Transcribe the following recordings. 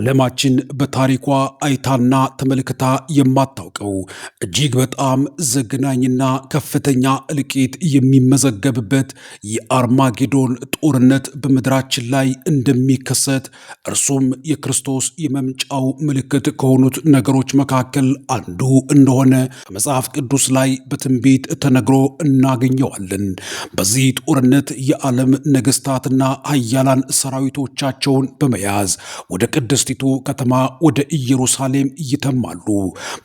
ዓለማችን በታሪኳ አይታና ተመልክታ የማታውቀው እጅግ በጣም ዘግናኝና ከፍተኛ እልቂት የሚመዘገብበት የአርማጌዶን ጦርነት በምድራችን ላይ እንደሚከሰት እርሱም የክርስቶስ የመምጫው ምልክት ከሆኑት ነገሮች መካከል አንዱ እንደሆነ በመጽሐፍ ቅዱስ ላይ በትንቢት ተነግሮ እናገኘዋለን። በዚህ ጦርነት የዓለም ነገስታትና ኃያላን ሰራዊቶቻቸውን በመያዝ ወደ ቅድስ የቅድስቲቱ ከተማ ወደ ኢየሩሳሌም ይተማሉ።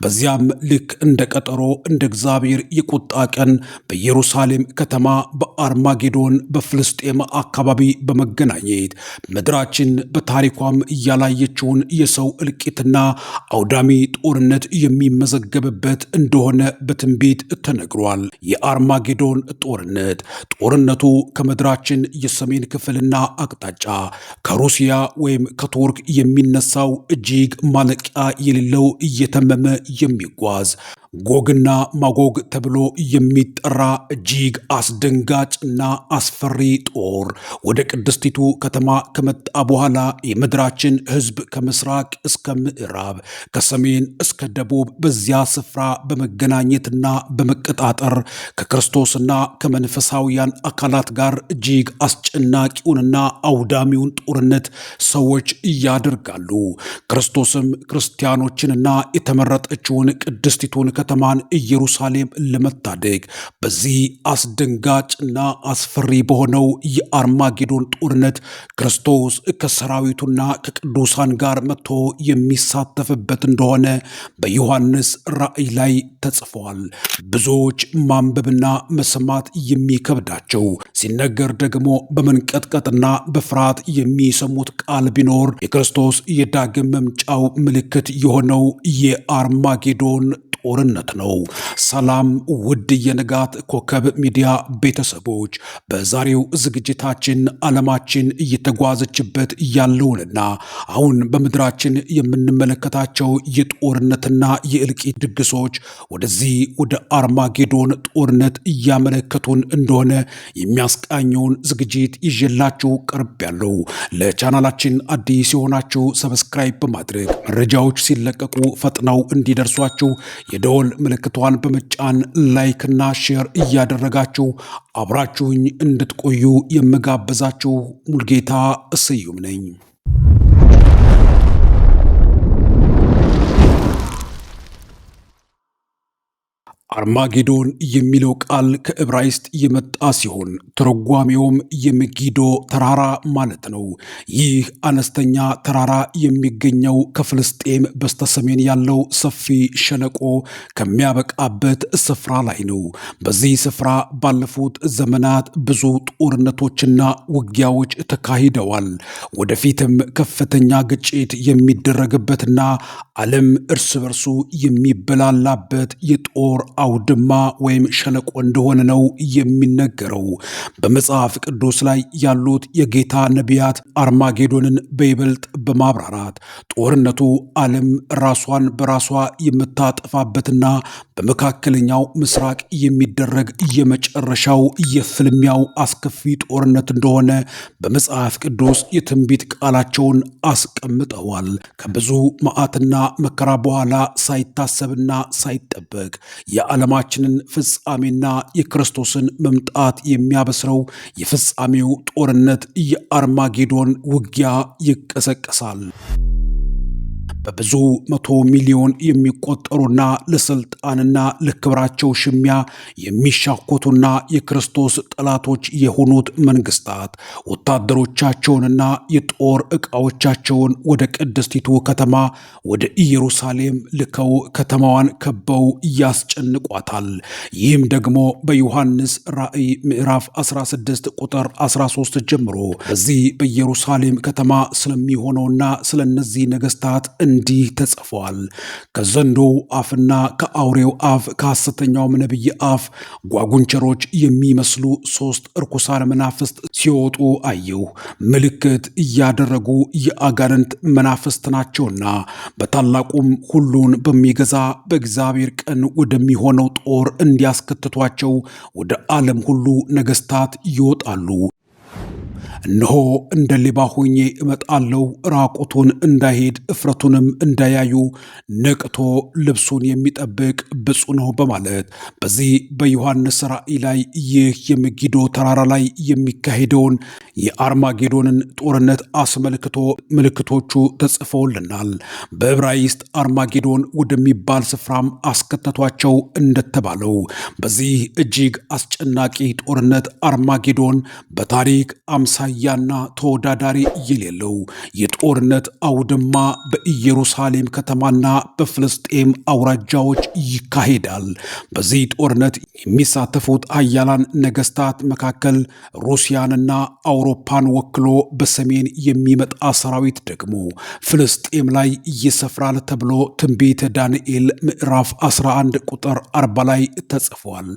በዚያም ልክ እንደ ቀጠሮ እንደ እግዚአብሔር የቁጣ ቀን በኢየሩሳሌም ከተማ በአርማጌዶን በፍልስጤም አካባቢ በመገናኘት ምድራችን በታሪኳም እያላየችውን የሰው እልቂትና አውዳሚ ጦርነት የሚመዘገብበት እንደሆነ በትንቢት ተነግሯል። የአርማጌዶን ጦርነት ጦርነቱ ከምድራችን የሰሜን ክፍልና አቅጣጫ ከሩሲያ ወይም ከቱርክ የሚነ የሚነሳው እጅግ ማለቂያ የሌለው እየተመመ የሚጓዝ ጎግና ማጎግ ተብሎ የሚጠራ እጅግ አስደንጋጭና አስፈሪ ጦር ወደ ቅድስቲቱ ከተማ ከመጣ በኋላ የምድራችን ሕዝብ ከምስራቅ እስከ ምዕራብ ከሰሜን እስከ ደቡብ በዚያ ስፍራ በመገናኘትና በመቀጣጠር ከክርስቶስና ከመንፈሳውያን አካላት ጋር እጅግ አስጨናቂውንና አውዳሚውን ጦርነት ሰዎች እያደርጋሉ። ክርስቶስም ክርስቲያኖችንና የተመረጠችውን ቅድስቲቱን ከተማን ኢየሩሳሌም ለመታደግ በዚህ አስደንጋጭና አስፈሪ በሆነው የአርማጌዶን ጦርነት ክርስቶስ ከሰራዊቱና ከቅዱሳን ጋር መጥቶ የሚሳተፍበት እንደሆነ በዮሐንስ ራእይ ላይ ተጽፏል። ብዙዎች ማንበብና መስማት የሚከብዳቸው ሲነገር ደግሞ በመንቀጥቀጥና በፍርሃት የሚሰሙት ቃል ቢኖር የክርስቶስ የዳግም መምጫው ምልክት የሆነው የአርማጌዶን ጦርነት ነው። ሰላም ውድ የንጋት ኮከብ ሚዲያ ቤተሰቦች፣ በዛሬው ዝግጅታችን ዓለማችን እየተጓዘችበት ያለውንና አሁን በምድራችን የምንመለከታቸው የጦርነትና የእልቂት ድግሶች ወደዚህ ወደ አርማጌዶን ጦርነት እያመለከቱን እንደሆነ የሚያስቃኘውን ዝግጅት ይዤላችሁ ያለው ለቻናላችን አዲስ የሆናችሁ ሰብስክራይብ በማድረግ መረጃዎች ሲለቀቁ ፈጥነው እንዲደርሷችሁ የደወል ምልክቷን በመጫን ላይክና ሼር እያደረጋችሁ አብራችሁኝ እንድትቆዩ የምጋብዛችሁ ሙልጌታ እስዩም ነኝ። አርማጌዶን የሚለው ቃል ከዕብራይስጥ የመጣ ሲሆን ትርጓሜውም የመጊዶ ተራራ ማለት ነው። ይህ አነስተኛ ተራራ የሚገኘው ከፍልስጤም በስተሰሜን ያለው ሰፊ ሸለቆ ከሚያበቃበት ስፍራ ላይ ነው። በዚህ ስፍራ ባለፉት ዘመናት ብዙ ጦርነቶችና ውጊያዎች ተካሂደዋል። ወደፊትም ከፍተኛ ግጭት የሚደረግበትና ዓለም እርስ በርሱ የሚበላላበት የጦር አውድማ ወይም ሸለቆ እንደሆነ ነው የሚነገረው። በመጽሐፍ ቅዱስ ላይ ያሉት የጌታ ነቢያት አርማጌዶንን በይበልጥ በማብራራት ጦርነቱ ዓለም ራሷን በራሷ የምታጠፋበትና በመካከለኛው ምስራቅ የሚደረግ የመጨረሻው የፍልሚያው አስከፊ ጦርነት እንደሆነ በመጽሐፍ ቅዱስ የትንቢት ቃላቸውን አስቀምጠዋል። ከብዙ መዓትና መከራ በኋላ ሳይታሰብና ሳይጠበቅ የዓለማችንን ፍጻሜና የክርስቶስን መምጣት የሚያበስረው የፍጻሜው ጦርነት የአርማጌዶን ውጊያ ይቀሰቀሳል። በብዙ መቶ ሚሊዮን የሚቆጠሩና ለስልጣንና ለክብራቸው ሽሚያ የሚሻኮቱና የክርስቶስ ጠላቶች የሆኑት መንግስታት ወታደሮቻቸውንና የጦር ዕቃዎቻቸውን ወደ ቅድስቲቱ ከተማ ወደ ኢየሩሳሌም ልከው ከተማዋን ከበው ያስጨንቋታል። ይህም ደግሞ በዮሐንስ ራእይ ምዕራፍ 16 ቁጥር 13 ጀምሮ በዚህ በኢየሩሳሌም ከተማ ስለሚሆነውና ስለነዚህ ነገስታት እንዲህ ተጽፏል። ከዘንዶው አፍና ከአውሬው አፍ ከሐሰተኛውም ነቢይ አፍ ጓጉንቸሮች የሚመስሉ ሦስት እርኩሳን መናፍስት ሲወጡ አየሁ። ምልክት እያደረጉ የአጋንንት መናፍስት ናቸውና በታላቁም ሁሉን በሚገዛ በእግዚአብሔር ቀን ወደሚሆነው ጦር እንዲያስከትቷቸው ወደ ዓለም ሁሉ ነገሥታት ይወጣሉ። እነሆ እንደ ሌባ ሆኜ እመጣለሁ፣ ራቁቱን እንዳይሄድ እፍረቱንም እንዳያዩ ነቅቶ ልብሱን የሚጠብቅ ብፁ ነው በማለት በዚህ በዮሐንስ ራእይ ላይ ይህ የመጊዶ ተራራ ላይ የሚካሄደውን የአርማጌዶንን ጦርነት አስመልክቶ ምልክቶቹ ተጽፈውልናል። በዕብራይስጥ አርማጌዶን ወደሚባል ስፍራም አስከተቷቸው እንደተባለው በዚህ እጅግ አስጨናቂ ጦርነት አርማጌዶን በታሪክ አምሳያና ተወዳዳሪ የሌለው የጦርነት አውድማ በኢየሩሳሌም ከተማና በፍልስጤም አውራጃዎች ይካሄዳል። በዚህ ጦርነት የሚሳተፉት ሀያላን ነገስታት መካከል ሩሲያንና አውሮ አውሮፓን ወክሎ በሰሜን የሚመጣ ሰራዊት ደግሞ ፍልስጤም ላይ ይሰፍራል ተብሎ ትንቢተ ዳንኤል ምዕራፍ 11 ቁጥር 40 ላይ ተጽፏል።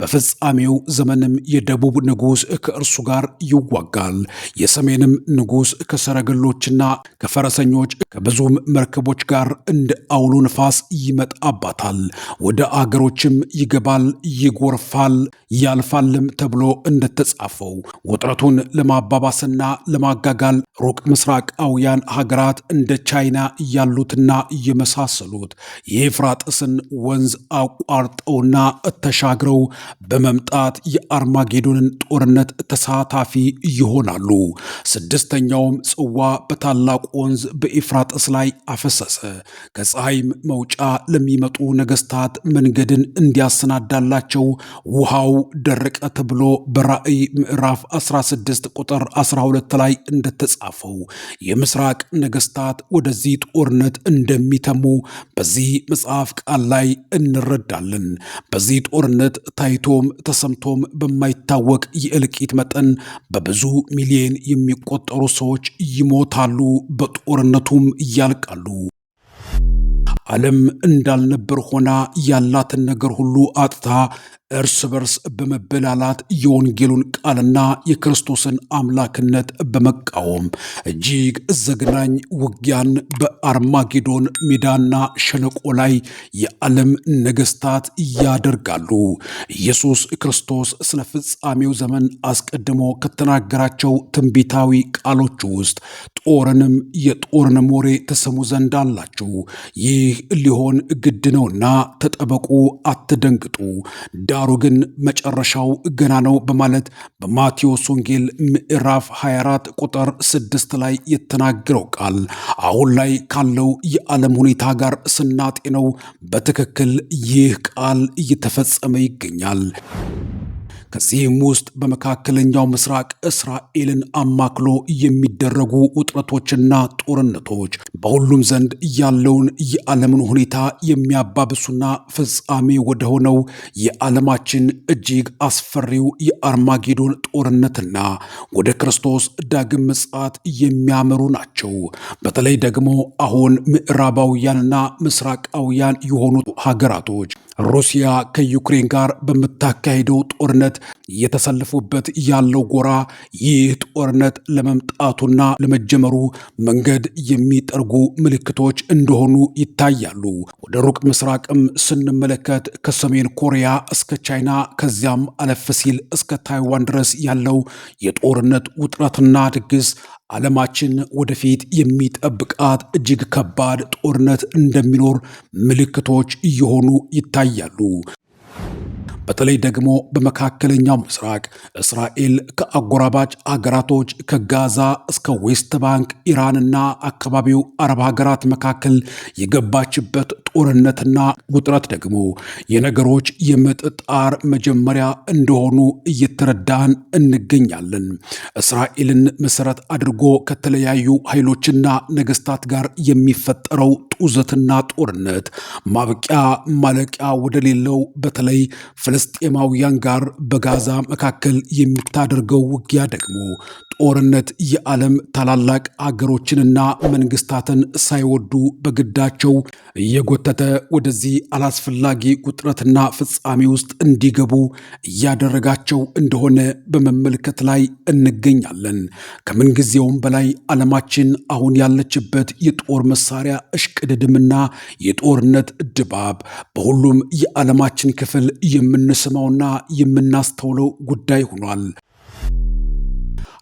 በፍጻሜው ዘመንም የደቡብ ንጉሥ ከእርሱ ጋር ይዋጋል። የሰሜንም ንጉሥ ከሰረገሎችና ከፈረሰኞች ከብዙም መርከቦች ጋር እንደ አውሎ ንፋስ ይመጣባታል። ወደ አገሮችም ይገባል፣ ይጎርፋል፣ ያልፋልም ተብሎ እንደተጻፈው ውጥረቱን ለማባባስና ለማጋጋል ሩቅ ምስራቃውያን ሀገራት እንደ ቻይና ያሉትና የመሳሰሉት የኤፍራጥስን ወንዝ አቋርጠውና ተሻግረው በመምጣት የአርማጌዶንን ጦርነት ተሳታፊ ይሆናሉ። ስድስተኛውም ጽዋ በታላቁ ወንዝ በኤፍራጥስ ላይ አፈሰሰ። ከፀሐይም መውጫ ለሚመጡ ነገስታት መንገድን እንዲያሰናዳላቸው ውሃው ደረቀ ተብሎ በራእይ ምዕራፍ 16 ቁጥር 12 ላይ እንደተጻፈው የምስራቅ ነገስታት ወደዚህ ጦርነት እንደሚተሙ በዚህ መጽሐፍ ቃል ላይ እንረዳለን። በዚህ ጦርነት ታይ ታይቶም ተሰምቶም በማይታወቅ የእልቂት መጠን በብዙ ሚሊዮን የሚቆጠሩ ሰዎች ይሞታሉ፣ በጦርነቱም ያልቃሉ ዓለም እንዳልነበር ሆና ያላትን ነገር ሁሉ አጥታ እርስ በርስ በመበላላት የወንጌሉን ቃልና የክርስቶስን አምላክነት በመቃወም እጅግ ዘግናኝ ውጊያን በአርማጌዶን ሜዳና ሸለቆ ላይ የዓለም ነገስታት ያደርጋሉ። ኢየሱስ ክርስቶስ ስለ ፍጻሜው ዘመን አስቀድሞ ከተናገራቸው ትንቢታዊ ቃሎች ውስጥ ጦርንም የጦርን ወሬ ተሰሙ ዘንድ አላችሁ፣ ይህ ሊሆን ግድ ነውና ተጠበቁ፣ አትደንግጡ ዳሩ ግን መጨረሻው ገና ነው በማለት በማቴዎስ ወንጌል ምዕራፍ 24 ቁጥር 6 ላይ የተናገረው ቃል አሁን ላይ ካለው የዓለም ሁኔታ ጋር ስናጤነው በትክክል ይህ ቃል እየተፈጸመ ይገኛል። ከዚህም ውስጥ በመካከለኛው ምስራቅ እስራኤልን አማክሎ የሚደረጉ ውጥረቶችና ጦርነቶች በሁሉም ዘንድ ያለውን የዓለምን ሁኔታ የሚያባብሱና ፍጻሜ ወደሆነው የዓለማችን እጅግ አስፈሪው የአርማጌዶን ጦርነትና ወደ ክርስቶስ ዳግም ምጽአት የሚያመሩ ናቸው። በተለይ ደግሞ አሁን ምዕራባውያንና ምስራቃውያን የሆኑት ሀገራቶች ሩሲያ ከዩክሬን ጋር በምታካሄደው ጦርነት እየተሰለፉበት ያለው ጎራ ይህ ጦርነት ለመምጣቱና ለመጀመሩ መንገድ የሚጠርጉ ምልክቶች እንደሆኑ ይታያሉ። ወደ ሩቅ ምስራቅም ስንመለከት ከሰሜን ኮሪያ እስከ ቻይና ከዚያም አለፍ ሲል እስከ ታይዋን ድረስ ያለው የጦርነት ውጥረትና ድግስ ዓለማችን ወደፊት የሚጠብቃት እጅግ ከባድ ጦርነት እንደሚኖር ምልክቶች እየሆኑ ይታያሉ። በተለይ ደግሞ በመካከለኛው ምስራቅ እስራኤል ከአጎራባች አገራቶች ከጋዛ እስከ ዌስት ባንክ፣ ኢራንና አካባቢው አረብ ሀገራት መካከል የገባችበት ጦርነትና ውጥረት ደግሞ የነገሮች የምጥጣር መጀመሪያ እንደሆኑ እየተረዳን እንገኛለን። እስራኤልን መሰረት አድርጎ ከተለያዩ ኃይሎችና ነገስታት ጋር የሚፈጠረው ጡዘትና ጦርነት ማብቂያ ማለቂያ ወደሌለው በተለይ ፍልስጤማውያን ጋር በጋዛ መካከል የምታደርገው ውጊያ ደግሞ ጦርነት የዓለም ታላላቅ አገሮችንና መንግስታትን ሳይወዱ በግዳቸው እየጎተ እየጎተተ ወደዚህ አላስፈላጊ ውጥረትና ፍጻሜ ውስጥ እንዲገቡ እያደረጋቸው እንደሆነ በመመልከት ላይ እንገኛለን። ከምንጊዜውም በላይ ዓለማችን አሁን ያለችበት የጦር መሳሪያ እሽቅድድምና የጦርነት ድባብ በሁሉም የዓለማችን ክፍል የምንሰማውና የምናስተውለው ጉዳይ ሆኗል።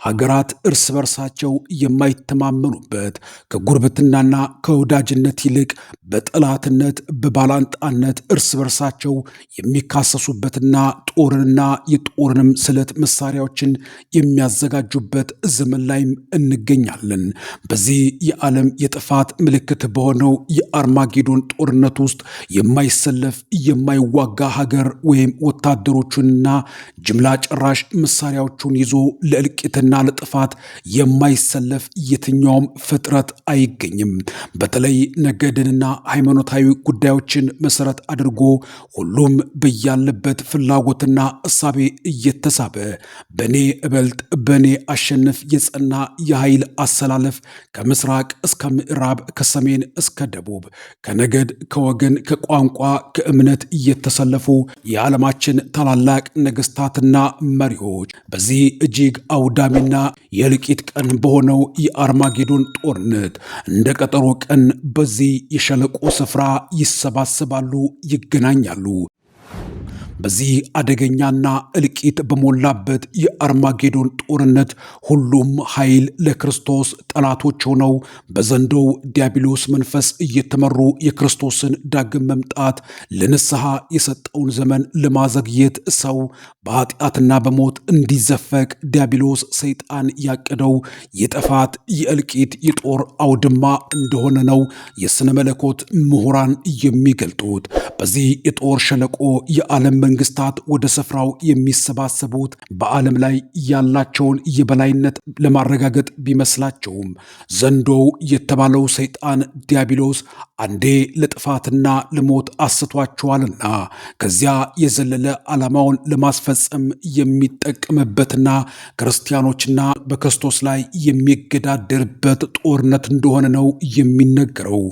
ሀገራት እርስ በርሳቸው የማይተማመኑበት ከጉርብትናና ከወዳጅነት ይልቅ በጠላትነት በባላንጣነት እርስ በርሳቸው የሚካሰሱበትና ጦርንና የጦርንም ስለት መሳሪያዎችን የሚያዘጋጁበት ዘመን ላይም እንገኛለን። በዚህ የዓለም የጥፋት ምልክት በሆነው የአርማጌዶን ጦርነት ውስጥ የማይሰለፍ የማይዋጋ ሀገር ወይም ወታደሮቹንና ጅምላ ጨራሽ መሳሪያዎቹን ይዞ ለእልቂትና ለግፍና ለጥፋት የማይሰለፍ የትኛውም ፍጥረት አይገኝም። በተለይ ነገድንና ሃይማኖታዊ ጉዳዮችን መሰረት አድርጎ ሁሉም በያለበት ፍላጎትና እሳቤ እየተሳበ በእኔ እበልጥ በእኔ አሸንፍ የጸና የኃይል አሰላለፍ ከምስራቅ እስከ ምዕራብ ከሰሜን እስከ ደቡብ ከነገድ ከወገን ከቋንቋ ከእምነት እየተሰለፉ የዓለማችን ታላላቅ ነገስታትና መሪዎች በዚህ እጅግ አውዳሚ አውዳሚና የእልቂት ቀን በሆነው የአርማጌዶን ጦርነት እንደ ቀጠሮ ቀን በዚህ የሸለቆ ስፍራ ይሰባሰባሉ፣ ይገናኛሉ። በዚህ አደገኛና እልቂት በሞላበት የአርማጌዶን ጦርነት ሁሉም ኃይል ለክርስቶስ ጠላቶች ሆነው በዘንዶው ዲያብሎስ መንፈስ እየተመሩ የክርስቶስን ዳግም መምጣት ለንስሐ የሰጠውን ዘመን ለማዘግየት ሰው በኃጢአትና በሞት እንዲዘፈቅ ዲያብሎስ ሰይጣን ያቀደው የጥፋት የእልቂት የጦር አውድማ እንደሆነ ነው የሥነ መለኮት ምሁራን የሚገልጡት። በዚህ የጦር ሸለቆ የዓለም መንግስታት ወደ ስፍራው የሚሰባሰቡት በዓለም ላይ ያላቸውን የበላይነት ለማረጋገጥ ቢመስላቸውም ዘንዶው የተባለው ሰይጣን ዲያብሎስ አንዴ ለጥፋትና ለሞት አስቷቸዋልና ከዚያ የዘለለ ዓላማውን ለማስፈጸም የሚጠቀምበትና ክርስቲያኖችና በክርስቶስ ላይ የሚገዳደርበት ጦርነት እንደሆነ ነው የሚነገረው።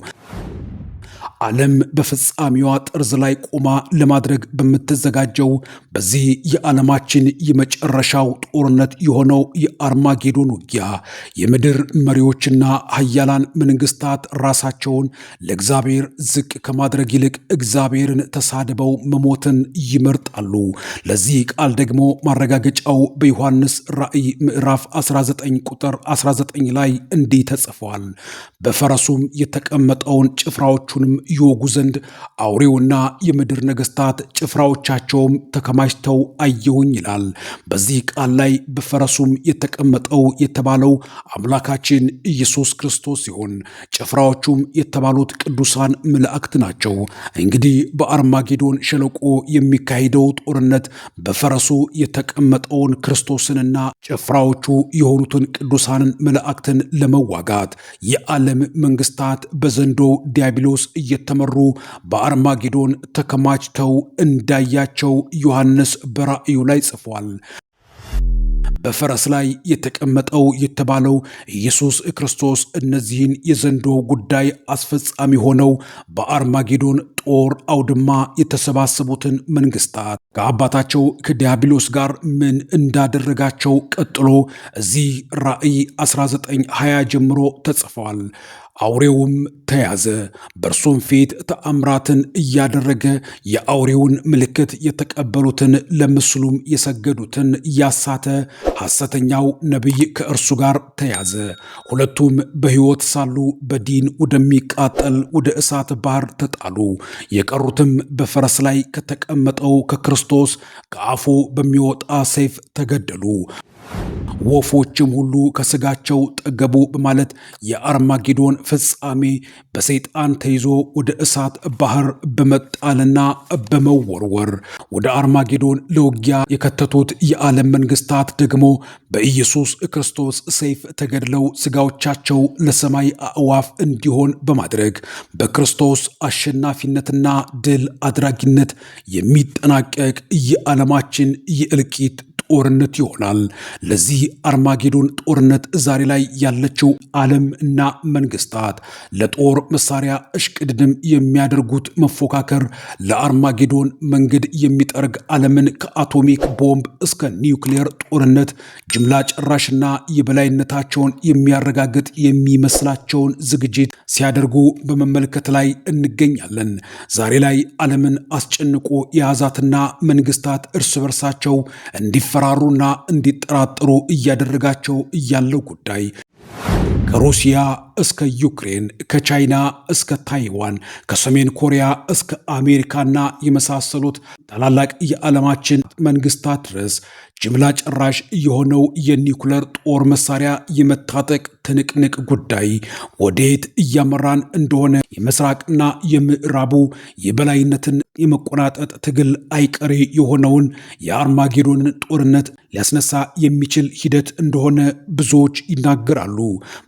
ዓለም በፍጻሜዋ ጠርዝ ላይ ቆማ ለማድረግ በምትዘጋጀው በዚህ የዓለማችን የመጨረሻው ጦርነት የሆነው የአርማጌዶን ውጊያ የምድር መሪዎችና ሀያላን መንግስታት ራሳቸውን ለእግዚአብሔር ዝቅ ከማድረግ ይልቅ እግዚአብሔርን ተሳድበው መሞትን ይመርጣሉ። ለዚህ ቃል ደግሞ ማረጋገጫው በዮሐንስ ራእይ ምዕራፍ 19 ቁጥር 19 ላይ እንዲህ ተጽፏል። በፈረሱም የተቀመጠውን ጭፍራዎቹንም ይወጉ ዘንድ አውሬውና የምድር ነገስታት ጭፍራዎቻቸውም ተከማችተው አየሁኝ ይላል። በዚህ ቃል ላይ በፈረሱም የተቀመጠው የተባለው አምላካችን ኢየሱስ ክርስቶስ ሲሆን ጭፍራዎቹም የተባሉት ቅዱሳን መላእክት ናቸው። እንግዲህ በአርማጌዶን ሸለቆ የሚካሄደው ጦርነት በፈረሱ የተቀመጠውን ክርስቶስንና ጭፍራዎቹ የሆኑትን ቅዱሳንን መላእክትን ለመዋጋት የዓለም መንግስታት በዘንዶ ዲያብሎስ እየ እየተመሩ በአርማጌዶን ተከማችተው እንዳያቸው ዮሐንስ በራእዩ ላይ ጽፏል። በፈረስ ላይ የተቀመጠው የተባለው ኢየሱስ ክርስቶስ እነዚህን የዘንዶ ጉዳይ አስፈጻሚ ሆነው በአርማጌዶን ጦር አውድማ የተሰባሰቡትን መንግስታት ከአባታቸው ከዲያብሎስ ጋር ምን እንዳደረጋቸው ቀጥሎ እዚህ ራእይ 1920 ጀምሮ ተጽፏል። አውሬውም ተያዘ፣ በእርሱም ፊት ተአምራትን እያደረገ የአውሬውን ምልክት የተቀበሉትን ለምስሉም የሰገዱትን ያሳተ ሐሰተኛው ነቢይ ከእርሱ ጋር ተያዘ። ሁለቱም በሕይወት ሳሉ በዲን ወደሚቃጠል ወደ እሳት ባህር ተጣሉ። የቀሩትም በፈረስ ላይ ከተቀመጠው ከክርስቶ ክርስቶስ ከአፉ በሚወጣ ሰይፍ ተገደሉ። ወፎችም ሁሉ ከስጋቸው ጠገቡ በማለት የአርማጌዶን ፍጻሜ በሰይጣን ተይዞ ወደ እሳት ባህር በመጣልና በመወርወር ወደ አርማጌዶን ለውጊያ የከተቱት የዓለም መንግስታት ደግሞ በኢየሱስ ክርስቶስ ሰይፍ ተገድለው ስጋዎቻቸው ለሰማይ አእዋፍ እንዲሆን በማድረግ በክርስቶስ አሸናፊነትና ድል አድራጊነት የሚጠናቀቅ የዓለማችን የእልቂት ጦርነት ይሆናል። ለዚህ አርማጌዶን ጦርነት ዛሬ ላይ ያለችው ዓለም እና መንግስታት ለጦር መሳሪያ እሽቅድድም የሚያደርጉት መፎካከር ለአርማጌዶን መንገድ የሚጠርግ ዓለምን ከአቶሚክ ቦምብ እስከ ኒውክሌር ጦርነት ጅምላ ጨራሽና የበላይነታቸውን የሚያረጋግጥ የሚመስላቸውን ዝግጅት ሲያደርጉ በመመልከት ላይ እንገኛለን። ዛሬ ላይ ዓለምን አስጨንቆ የያዛትና መንግስታት እርስ በርሳቸው እንዲፈ እንዲፈራሩና እንዲጠራጠሩ እያደረጋቸው ያለው ጉዳይ ከሩሲያ እስከ ዩክሬን ከቻይና እስከ ታይዋን ከሰሜን ኮሪያ እስከ አሜሪካና የመሳሰሉት ታላላቅ የዓለማችን መንግስታት ድረስ ጅምላ ጨራሽ የሆነው የኒኩለር ጦር መሳሪያ የመታጠቅ ትንቅንቅ ጉዳይ ወዴት እያመራን እንደሆነ የምስራቅና የምዕራቡ የበላይነትን የመቆናጠጥ ትግል አይቀሬ የሆነውን የአርማጌዶን ጦርነት ሊያስነሳ የሚችል ሂደት እንደሆነ ብዙዎች ይናገራሉ።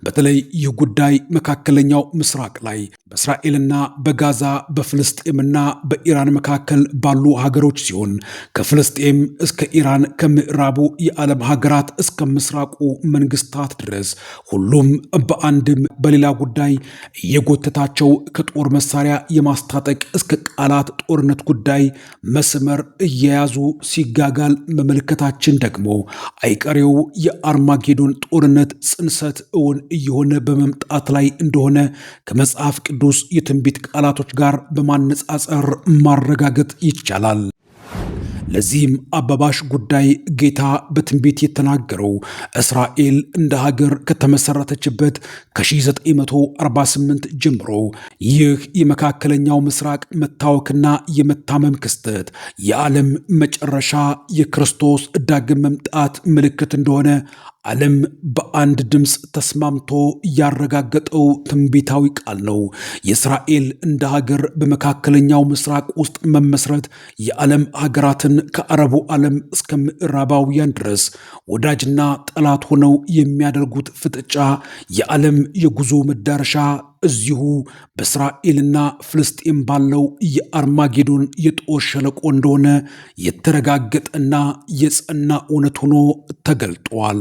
በተለይ ይህ ጉዳይ መካከለኛው ምስራቅ ላይ በእስራኤልና በጋዛ በፍልስጤምና በኢራን መካከል ባሉ ሀገሮች ሲሆን ከፍልስጤም እስከ ኢራን ከምዕራቡ የዓለም ሀገራት እስከ ምስራቁ መንግስታት ድረስ ሁሉም በአንድም በሌላ ጉዳይ እየጎተታቸው ከጦር መሳሪያ የማስታጠቅ እስከ ቃላት ጦር የጦርነት ጉዳይ መስመር እየያዙ ሲጋጋል መመልከታችን ደግሞ አይቀሬው የአርማጌዶን ጦርነት ጽንሰት እውን እየሆነ በመምጣት ላይ እንደሆነ ከመጽሐፍ ቅዱስ የትንቢት ቃላቶች ጋር በማነጻጸር ማረጋገጥ ይቻላል። ለዚህም አባባሽ ጉዳይ ጌታ በትንቢት የተናገረው እስራኤል እንደ ሀገር ከተመሰረተችበት ከ1948 ጀምሮ ይህ የመካከለኛው ምስራቅ መታወክና የመታመም ክስተት የዓለም መጨረሻ የክርስቶስ ዳግም መምጣት ምልክት እንደሆነ ዓለም በአንድ ድምፅ ተስማምቶ ያረጋገጠው ትንቢታዊ ቃል ነው። የእስራኤል እንደ ሀገር በመካከለኛው ምስራቅ ውስጥ መመስረት የዓለም ሀገራትን ከአረቡ ዓለም እስከ ምዕራባውያን ድረስ ወዳጅና ጠላት ሆነው የሚያደርጉት ፍጥጫ የዓለም የጉዞ መዳረሻ እዚሁ በእስራኤልና ፍልስጤም ባለው የአርማጌዶን የጦር ሸለቆ እንደሆነ የተረጋገጠና የጸና እውነት ሆኖ ተገልጧል።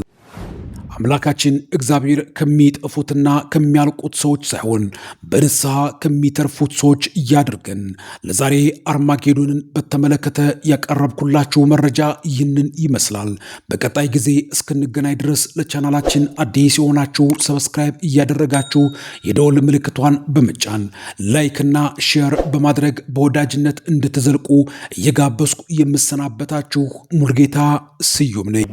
አምላካችን እግዚአብሔር ከሚጠፉትና ከሚያልቁት ሰዎች ሳይሆን በንስሐ ከሚተርፉት ሰዎች እያድርገን። ለዛሬ አርማጌዶንን በተመለከተ ያቀረብኩላችሁ መረጃ ይህንን ይመስላል። በቀጣይ ጊዜ እስክንገናኝ ድረስ ለቻናላችን አዲስ የሆናችሁ ሰብስክራይብ እያደረጋችሁ የደወል ምልክቷን በመጫን ላይክና ሼር በማድረግ በወዳጅነት እንድትዘልቁ እየጋበዝኩ የምሰናበታችሁ ሙልጌታ ስዩም ነኝ።